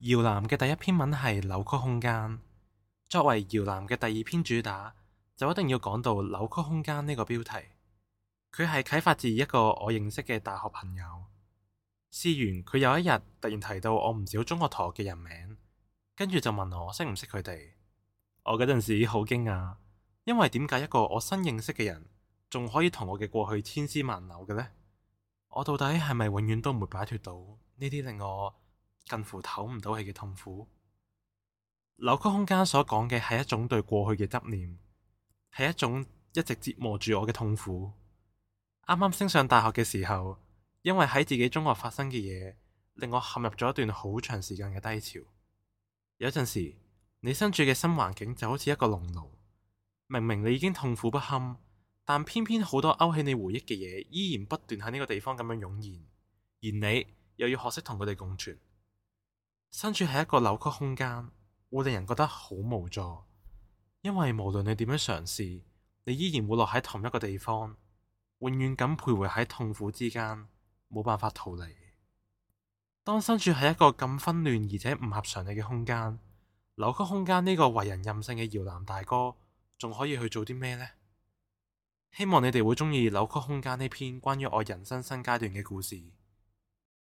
搖籃嘅第一篇文係扭曲空間，作為搖藍嘅第二篇主打，就一定要講到扭曲空間呢個標題。佢係啟發自一個我認識嘅大學朋友，事緣佢有一日突然提到我唔少中學同學嘅人名，跟住就問我識唔識佢哋。我嗰陣時好驚訝，因為點解一個我新認識嘅人，仲可以同我嘅過去千絲萬縷嘅呢？我到底係咪永遠都唔會擺脫到呢啲令我近乎唞唔到氣嘅痛苦，扭曲空間所講嘅係一種對過去嘅執念，係一種一直折磨住我嘅痛苦。啱啱升上大學嘅時候，因為喺自己中學發生嘅嘢，令我陷入咗一段好長時間嘅低潮。有陣時，你身處嘅新環境就好似一個籠牢，明明你已經痛苦不堪，但偏偏好多勾起你回憶嘅嘢依然不斷喺呢個地方咁樣湧現，而你又要學識同佢哋共存。身處喺一個扭曲空間，會令人覺得好無助，因為無論你點樣嘗試，你依然會落喺同一個地方，永遠咁徘徊喺痛苦之間，冇辦法逃離。當身處喺一個咁紛亂而且唔合常理嘅空間，扭曲空間呢個為人任性嘅搖籃大哥，仲可以去做啲咩呢？希望你哋會中意扭曲空間呢篇關於我人生新階段嘅故事。